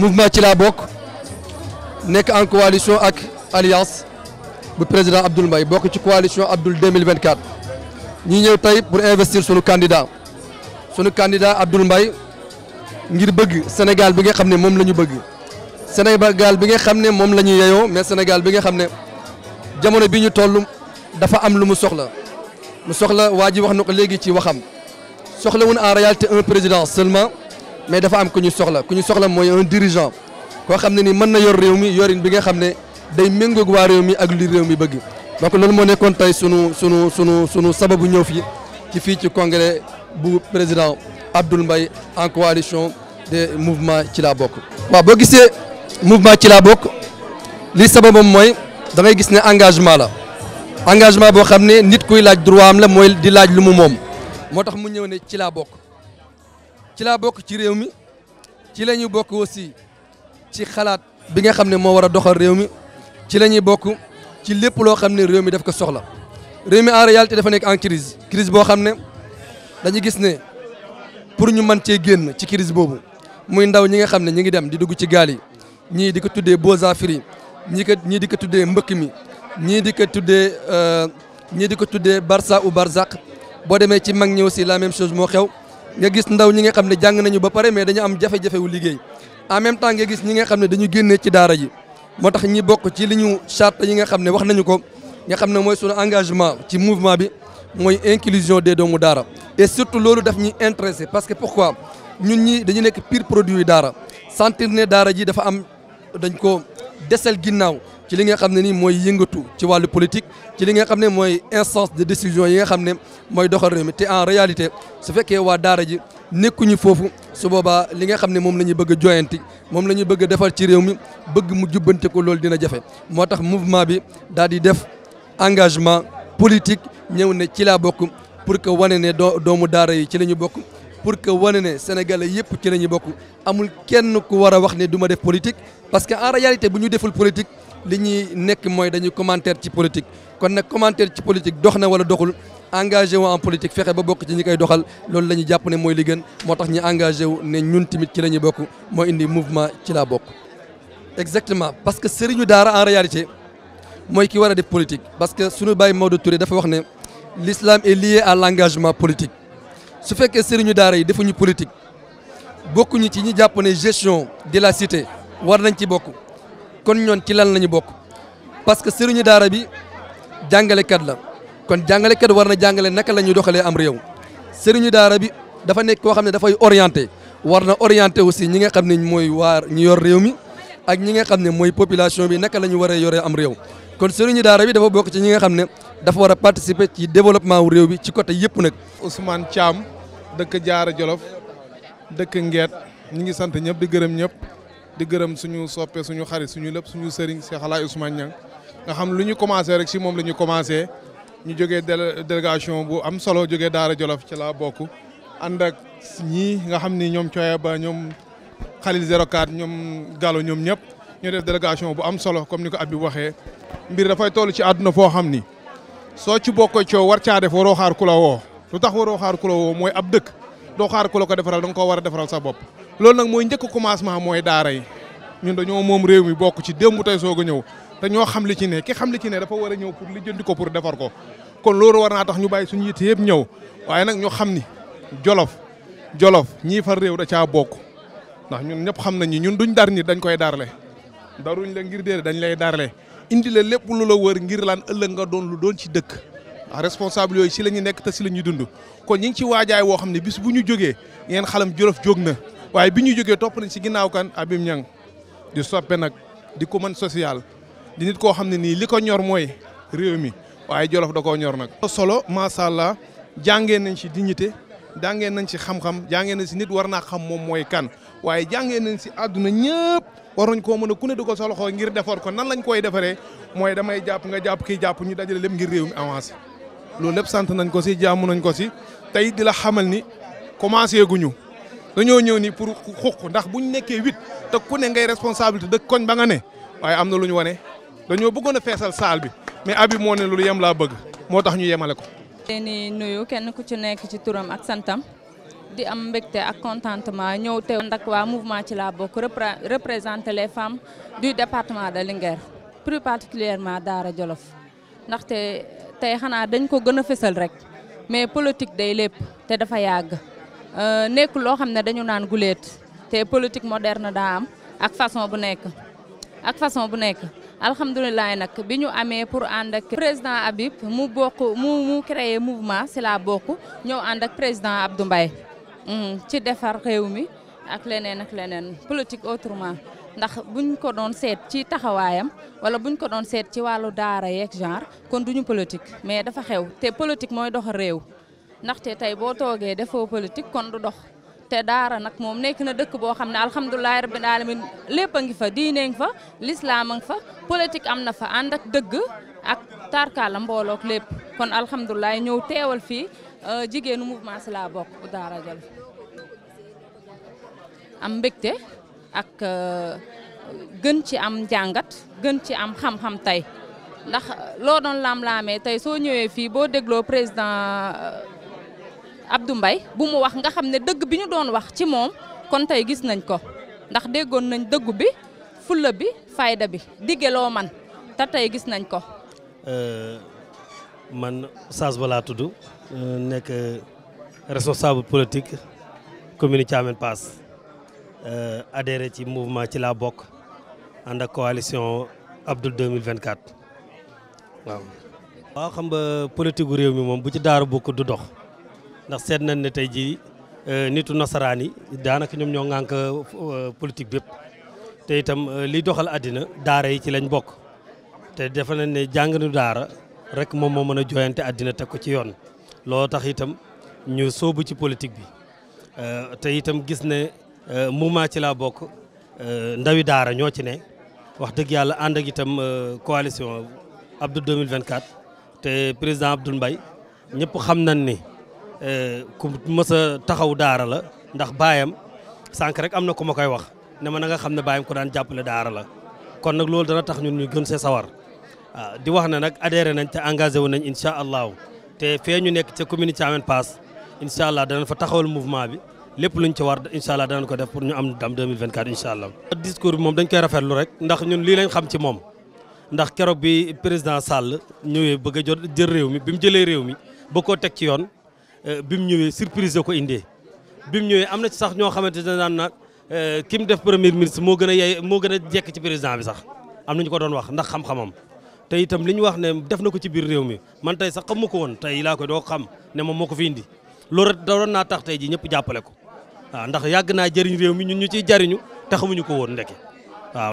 mouvement ci laa bokk nekk en coalition ak alliance bu président Abdoul mbay bokk ci coalition Abdoul 2024 ñi ñëw tey pour investir sunu candidat sunu candidat Abdoul mbay ngir bëgg Sénégal bi nga xam ne moom la ñu bëgg Sénégal bi nga xam ne moom la ñu yeyoo mais Sénégal bi nga xam ne jamono bi ñu toll dafa am lu mu soxla mu soxla waa ji wax na ko léegi ci waxam soxla wun en réalité un président seulement mais dafa am ku ñu soxla ku ñu soxla mooy un dirigeant koo xam ne ni mën na yor réew mi yorin bi nga xam ne day méngoog waa réew mi ak li réew mi bëgg donc loolu moo nekkoon tey sunu sunu sunu sunu sababu ñëw fii ci fii ci congrès bu président Abdoul Mbaye en coalition des mouvements ci laa bokk. waa boo gisee mouvement ci laa bokk li sababam mooy da gis ne engagement la engagement boo xam ne nit kuy laaj droit am la mooy di laaj lu mu moom moo tax mu ñëw ne ci laa bokk. ci laa bokk ci réew mi ci la ñu bokk aussi ci xalaat bi nga xam ne moo war a doxal réew mi ci la ñuy bokk ci lépp loo xam ne réew mi daf ko soxla réew mi en réalité dafa nekk en crise crise boo xam ne dañu gis ne pour ñu mën cee génn ci crise boobu muy ndaw ñi nga xam ne ñi ngi dem di dugg ci gaal yi ñii di ko tuddee beaux affaires ñi ko ñii di ko tuddee mbëkk mi ñii di ko tuddee euh, ñii di ko tuddee Barça ou Barzak boo demee ci mag ñi aussi la même chose moo xew nga gis ndaw ñi nga xam ne jàng nañu ba pare mais dañu am jafe-jafe liggéey en même temps nga gis ñi nga xam ne dañu génnee ci daara ji moo tax ñi bokk ci li ñu charte ñi nga xam ne wax nañu ko nga xam ne mooy sunu engagement ci mouvement bi mooy inclusion de doomu daara et surtout loolu daf ñi intéressé parce que pourquoi ñun ñi dañu nekk piir produit daara sentir ne daara ji dafa am dañ ko desal ginnaaw ci li nga xam ne nii mooy yëngatu ci wàllu politique ci li nga xam ne mooy instance de décision yi nga xam ne mooy doxal réew mi te en réalité su fekkee waa daara ji nekkuñu foofu su boobaa li nga xam ne moom la ñu bëgg a joyanti moom la ñu bëgg a defar ci réew mi bëgg mu jubbante ko loolu dina jafe moo tax mouvement bi daal di def engagement politique ñëw ne ci laa bokk pour que wane ne doomu daara yi ci la ñu bokk pour que wane ne sénégale yëpp ci la ñu bokk amul kenn ku war a wax ne du ma def politique parce que en réalité bu ñu deful politique li ñuy nekk mooy dañuy commentaire ci politique kon nag commentaire ci politique dox na wala doxul engagé en politique fexe ba bokk ci ñi koy doxal loolu la ñu jàpp ne mooy li gën moo tax ñu engagé wu ne ñun tamit ci la ñu bokk mooy indi mouvement ci la bokk. exactement parce que sëriñu daara en réalité mooy kii war a def politique parce que suñu bàyyi Maodo Touré dafa wax ne l'islam est lié à l'engagement politique su fekkee sëriñu daara yi defuñu politique bokkuñu ci ñi jàpp gestion de la war nañ ci bokk. kon ñoon ci lan nañu bokk parce que sëriñu daara bi jàngalekat la kon jàngalekat war na jàngale naka la ñuy doxalee am réew sëriñu daara bi dafa nekk koo xam ne dafay orienté war na orienté aussi ñi nga xam ne mooy waar ñu yor réew mi ak ñi nga xam ne mooy population bi naka la ñu war a yoree am réew kon sëriñu daara bi dafa bokk ci ñi nga xam ne dafa war a participer ci développement wu réew bi ci côté yëpp nag. Ousmane Thiam dëkk Jaara Jolof dëkk Ngeet ñi ngi sant ñëpp di gërëm ñëpp. di gërëm suñu soppee suñu xarit suñu lépp suñu sëriñ Cheikh Alaay Ousmane Niang nga xam lu ñu commencé rek si moom la ñu commencé ñu jógee délégation bu am solo jógee Daara Jolof ci laa bokk ànd ak ñii nga xam ni ñoom Coya Ba ñoom Khalil 04 ñoom Gallo ñoom ñëpp ñu def bu am solo comme ni ko Habib waxee mbir dafay toll ci àdduna foo xam ni soo ci bokkoo coow war caa def waroo xaar ku la woo lu tax waroo xaar ku la woo mooy ab dëkk doo xaar ku la ko defaral da ko koo war a defaral sa bopp loolu nag mooy njëkk commencement mooy daara yi ñun dañoo moom réew mi bokk ci démb tey soog a ñëw te ñoo xam li ci ne ki xam li ci ne dafa war a ñëw pour li jëndi ko pour defar ko kon loolu war naa tax ñu bàyyi suñu yitte yëpp ñëw waaye nag ñoo xam ni jolof jolof ñii far réew da caa bokk ndax ñun ñëpp xam nañu ñun duñ dar nit dañ koy darle daruñ la ngir déedéet dañ lay darle indi la lépp lu la wër ngir lan ëllëg nga doon lu ci dëkk Ah, responsable yooyu si la ñu nekk te si la ñuy dund kon ñi ngi ci waajaay woo xam ne bis bu ñu jógee ngeen xalam jolof jóg na waaye bi ñu jógee topp nañ si ginnaaw kan Habib Niang di soppe nag di ko mën social di koo xam ne nii li ko ñor mooy réew mi waaye jolof da koo ñor nag. solo macha allah jàngee nañ si dignité jàngee nañ si xam jàngee nañ si nit war naa xam moom mooy kan waaye jàngee nañ si àdduna ñëpp war waruñ koo mën a ku ne di solo xooy ngir defar ko nan lañ koy defaree mooy damay jàpp nga jàpp kii jàpp ñu dajale lem ngir réew mi avancé. loolu lépp sant nañ ko si jaamu nañ ko si tey di la xamal ni commencé ñu dañoo ñëw ni pour xuq ndax bu ñu nekkee huit te ku ne ngay responsabilité dëkk koñ ba nga ne waaye am na lu ñu wane dañoo bëggoon a feesal saal bi mais abi moo ne loolu yem laa bëgg moo tax ñu yemale ko. leen nuyu kenn ku ci nekk ci turam ak santam di am mbégte ak contentement ñëw te ndak waa mouvement ci laa bokk représenter les femmes du département de Linguère plus particulièrement Daara Jolof tey xanaa dañ ko gën a fësal rek mais politique day lépp te dafa yàgg euh, nekk loo xam ne dañu naan guleet te politique moderne daa am ak façon bu nekk ak façon bu nekk alhamdulilah nag bi ñu amee pour ànd ak président Habib mu bokk mu mu créé mouvement si la bokk ñëw ànd ak président Abdou Mbaye hmm, ci defar réew mi ak leneen ak leneen politique autrement ndax buñ ko doon seet ci taxawaayam wala buñ ko doon seet ci wàllu daara yeeg genre kon duñu politique mais dafa xew te politique mooy dox réew ndaxte tey boo toogee defoo politique kon du dox te daara nag moom nekk na dëkk boo xam ne alhamdulilahi rabbil alamin lépp a ngi fa diineeng fa lislaam a ngi fa politique am na fa ànd ak dëgg ak tarkaala mboolook lépp kon alhamdulilah ñëw teewal fii euh, jigéenu mouvement si laa bokk bu daara jël am mbégte ak euh, gën ci am njàngat gën ci am xam-xam tey ndax euh, loo doon laam-laamee tey soo ñëwee fii boo dégloo président euh, Abdou mbay bu mu wax nga xam ne dëgg bi ñu doon wax ci moom kon tey gis nañ ko ndax déggoon nañ dëggu bi fulla bi fayda bi diggeloo man te tey gis nañ ko. man Sass Ba laa tudd nekk responsable politique commune Thiamène Pass. Euh, adhéré ci mouvement ci laa bokk ànd ak coalition Abdou 2024 waaw. waaw xam nga politique gu réew mi moom bu ci daara bokk du dox ndax seet nañ ne tey jii euh, nitu nasaraan yi daanaka ñoom ñoo ŋànk euh, politique bépp te itam li doxal àddina daara yi ci lañ bokk te defe nañ ne jànginu daara rek moom moo mën a jooyante àddina teg ko ci yoon. loo tax itam ñu soobu ci politique bi te itam gis ne Euh, mouvement ci la bokk euh, ndawi daara ñoo ci ne wax dëgg yàlla ànd ak itam euh, coalition Abdou 2024 te président Abdoul mbay ñëpp xam nañ ni ku mës a taxaw daara la ndax baayam sànq rek am na ku ma koy wax ne ma na nga xam ne baayam ko daan jàppale daara la kon nag loolu dana tax ñun ñu gën see sawar waaw ah, di wax na nag adhéré nañ te engagé wu nañ incha allahu te fee ñu nekk ca commune Thiamène Pass incha allah danañ fa taxawal mouvement bi lépp luñ ci war incha allah danañ ko def pour ñu am dam 2024 incha allah. discours bi moom dañ koy rafetlu lii lañ xam ci moom ndax keroog bi président Sall ñëwee bëgg a jot jël réew mi bi mu jëlee réew mi ba koo teg ci yoon euh, bi mu ñëwee surprise ko indee bi mu ñëwee am na sax ñoo xamante ne naan na euh, ki mu def premier ministre moo gën a moo gën jekk ci président bi sax am na ko doon wax ndax xam-xamam. te itam li ñu wax ne def na ko ci biir réew mi man tey sax xam ma ko woon tey laa koy doo xam ne moom moo ko fi indi loolu doon naa tax tey ji ñëpp jàppale ko. waaw ndax yàgg naa jëriñ réew mi ñun ñu ciy jëriñu te ko woon ndeke